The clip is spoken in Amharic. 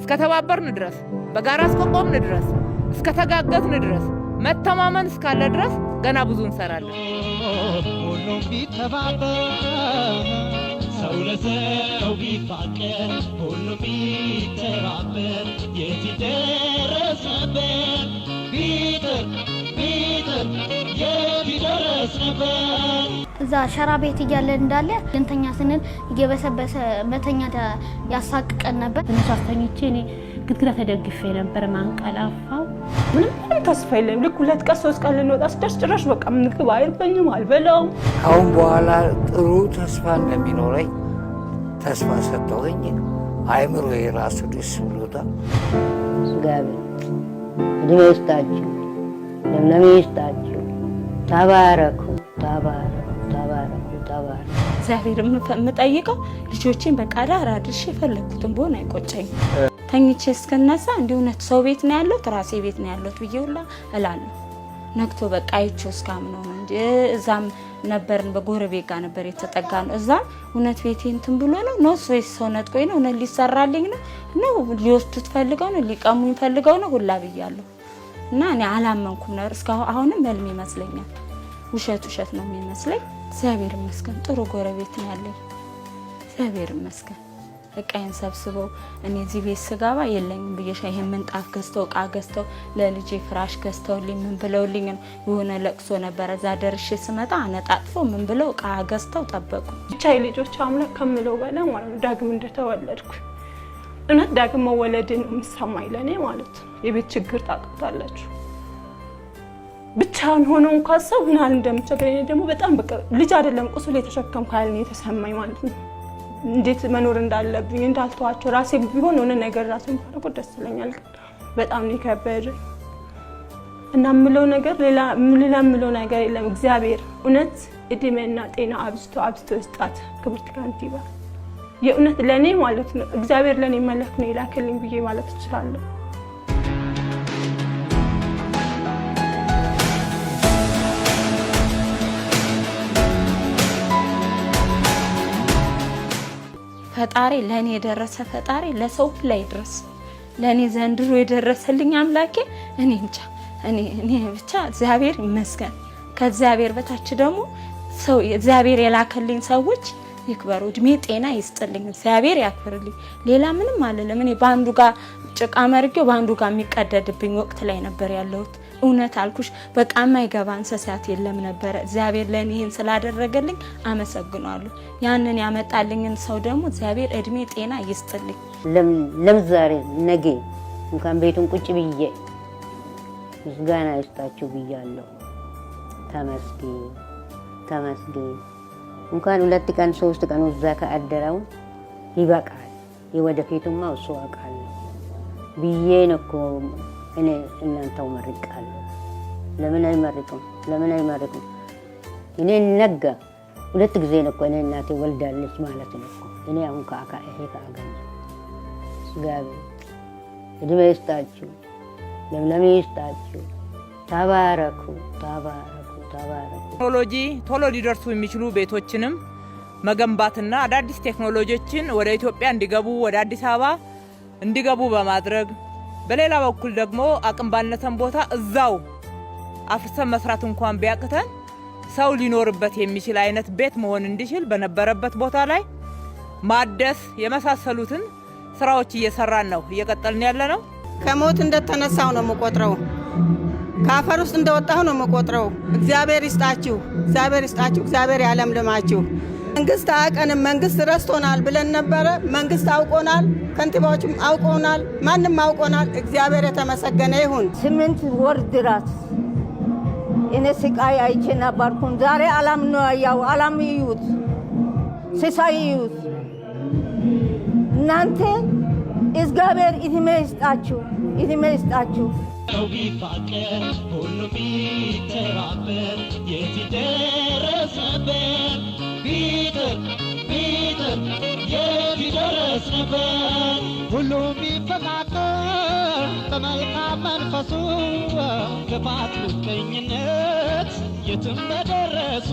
እስከተባበርን ድረስ በጋራ እስከቆምን ድረስ እስከተጋገዝን ድረስ መተማመን እስካለ ድረስ ገና ብዙ እንሰራለን። ሁሉም ቢተባበር ሰው ለሰው ቢፋቀር ሁሉም ቢተባበር የት ይደረስ ነበር? ቢጥር ቢጥር የት ይደረስ ነበር? እዛ ሸራ ቤት እያለን እንዳለ ልንተኛ ስንል እየበሰበሰ መተኛ ያሳቅቀን ነበር። እነሱ አስተኝቼ እኔ ግድግዳ ተደግፌ ነበር ማንቀላፋው። ምንም ተስፋ የለም። ልክ ሁለት ቀን ሶስት ቀን ልንወጣ ስደርስ ጭራሽ በቃ ምግብ አይርበኝም፣ አልበላውም። አሁን በኋላ ጥሩ ተስፋ እንደሚኖረኝ ተስፋ ሰጠውኝ። አይምሮ የራሱ ደስ ብሎታል። ጋቢ እድሜ ይስጣችሁ፣ ለምለም ይስጣችሁ። ተባረኩ፣ ተባረኩ። መከባበር እግዚአብሔር የምጠይቀው ልጆቼን በቃዳር አድርሼ የፈለግኩትን በሆን አይቆጨኝ። ተኝቼ እስክነሳ እንዲህ እውነት ሰው ቤት ነው ያለሁት ራሴ ቤት ነው ያለሁት ብዬ ሁላ እላለሁ። ነግቶ በቃ አይቼው እስካምነው ነው እንጂ እዛም ነበርን በጎረቤት ጋር ነበር የተጠጋ ነው። እዛም እውነት ቤቴ እንትን ብሎ ነው ነው ወይስ ሰው ነጥቆኝ ነው እውነት ሊሰራልኝ ነው ነው ሊወስዱት ፈልገው ነው ሊቀሙኝ ፈልገው ነው ሁላ ብያለሁ። እና እኔ አላመንኩም ነበር እስካሁን። አሁንም ህልም ይመስለኛል። ውሸት ውሸት ነው የሚመስለኝ። እግዚአብሔር ይመስገን ጥሩ ጎረቤት ነው ያለኝ። እግዚአብሔር ይመስገን እቃዬን ሰብስበው እኔ እዚህ ቤት ስገባ የለኝም ብዬሻ ይሄን ምንጣፍ ገዝተው እቃ ገዝተው ለልጄ ፍራሽ ገዝተውልኝ ምን ብለውልኝ ነው የሆነ ለቅሶ ነበረ። እዛ ደርሼ ስመጣ አነጣጥፎ ምን ብለው እቃ ገዝተው ጠበቁ። ብቻ የልጆች አምላክ ከምለው በላይ ማለት ነው ዳግም እንደተወለድኩ እውነት ዳግም መወለድ ነው የሚሰማኝ ለእኔ ማለት ነው። የቤት ችግር ታቅታላችሁ። ብቻውን ሆኖ እንኳን ሰው ምን ያህል እንደምቸገረኝ ደግሞ በጣም በቃ ልጅ አይደለም ቁስል የተሸከምኩ ያህል ነው የተሰማኝ ማለት ነው። እንዴት መኖር እንዳለብኝ እንዳልተዋቸው ራሴ ቢሆን የሆነ ነገር ራሴ ባደርግ ደስ ይለኛል። በጣም ነው የከበደኝ እና የምለው ነገር ሌላ የምለው ነገር የለም። እግዚአብሔር እውነት እድሜና ጤና አብዝቶ አብዝቶ ይስጣት ክብርት ከንቲባ የእውነት ለእኔ ማለት ነው እግዚአብሔር ለእኔ መላክ ነው የላክልኝ ብዬ ማለት እችላለሁ። ፈጣሪ ለእኔ የደረሰ ፈጣሪ ለሰው ሁሉ ይድረስ። ለእኔ ዘንድሮ የደረሰልኝ አምላኬ እኔ እንጃ እኔ ብቻ እግዚአብሔር ይመስገን። ከእግዚአብሔር በታች ደግሞ ሰው እግዚአብሔር የላከልኝ ሰዎች ይክበሩ፣ እድሜ ጤና ይስጥልኝ፣ እግዚአብሔር ያክብርልኝ። ሌላ ምንም አልልም። እኔ በአንዱ ጋር ጭቃ መርጌው በአንዱ ጋር የሚቀደድብኝ ወቅት ላይ ነበር ያለሁት። እውነት አልኩሽ በቃ የማይገባ እንስሳት የለም ነበረ። እግዚአብሔር ለእኔ ይህን ስላደረገልኝ አመሰግኗለሁ ያንን ያመጣልኝን ሰው ደግሞ እግዚአብሔር እድሜ ጤና ይስጥልኝ። ለምዛሬ ነገ እንኳን ቤቱን ቁጭ ብዬ ምስጋና ይስጣችሁ ብያለሁ። ተመስገን ተመስገን። እንኳን ሁለት ቀን ሶስት ቀን እዛ ከአደረው ይበቃል። የወደፊቱማ እሱ አውቃለሁ ብዬ ነው እኮ እኔ እናንተው መርቃለሁ። ለምን አይመርቅም? ለምን አይመርቅም? እኔ ነገ ሁለት ጊዜ ነው እኮ እኔ እናቴ ወልዳለች ማለት ነው እኮ እኔ አሁን ከአካ ይሄ ከአገኘ ጋቢ እድሜ ይስጣችሁ፣ ለምለም ይስጣችሁ። ተባረኩ፣ ተባረኩ፣ ተባረኩ። ቴክኖሎጂ ቶሎ ሊደርሱ የሚችሉ ቤቶችንም መገንባትና አዳዲስ ቴክኖሎጂዎችን ወደ ኢትዮጵያ እንዲገቡ ወደ አዲስ አበባ እንዲገቡ በማድረግ በሌላ በኩል ደግሞ አቅም ባነሰን ቦታ እዛው አፍርሰን መስራት እንኳን ቢያቅተን ሰው ሊኖርበት የሚችል አይነት ቤት መሆን እንዲችል በነበረበት ቦታ ላይ ማደስ የመሳሰሉትን ስራዎች እየሰራን ነው፣ እየቀጠልን ያለ ነው። ከሞት እንደተነሳው ነው የምቆጥረው፣ ከአፈር ውስጥ እንደወጣሁ ነው የምቆጥረው። እግዚአብሔር ይስጣችሁ፣ እግዚአብሔር ይስጣችሁ፣ እግዚአብሔር ያለምልማችሁ። መንግስት አያቀንም፣ መንግስት ረስቶናል ብለን ነበረ። መንግስት አውቆናል፣ ከንቲባዎችም አውቆናል፣ ማንም አውቆናል። እግዚአብሔር የተመሰገነ ይሁን። ስምንት ወር ድረስ እኔ ስቃይ አይቼ ነበርኩን። ዛሬ አላም ነው ያው አላም እዩት፣ ስሳይ እዩት። እናንተ እግዚአብሔር እድሜ ይስጣችሁ፣ እድሜ ይስጣችሁ። ሰው ቢፋቀር ሁሉም ይተባበር በመልካም መንፈሱ ልባት ምቀኝነት የትም በደረሱ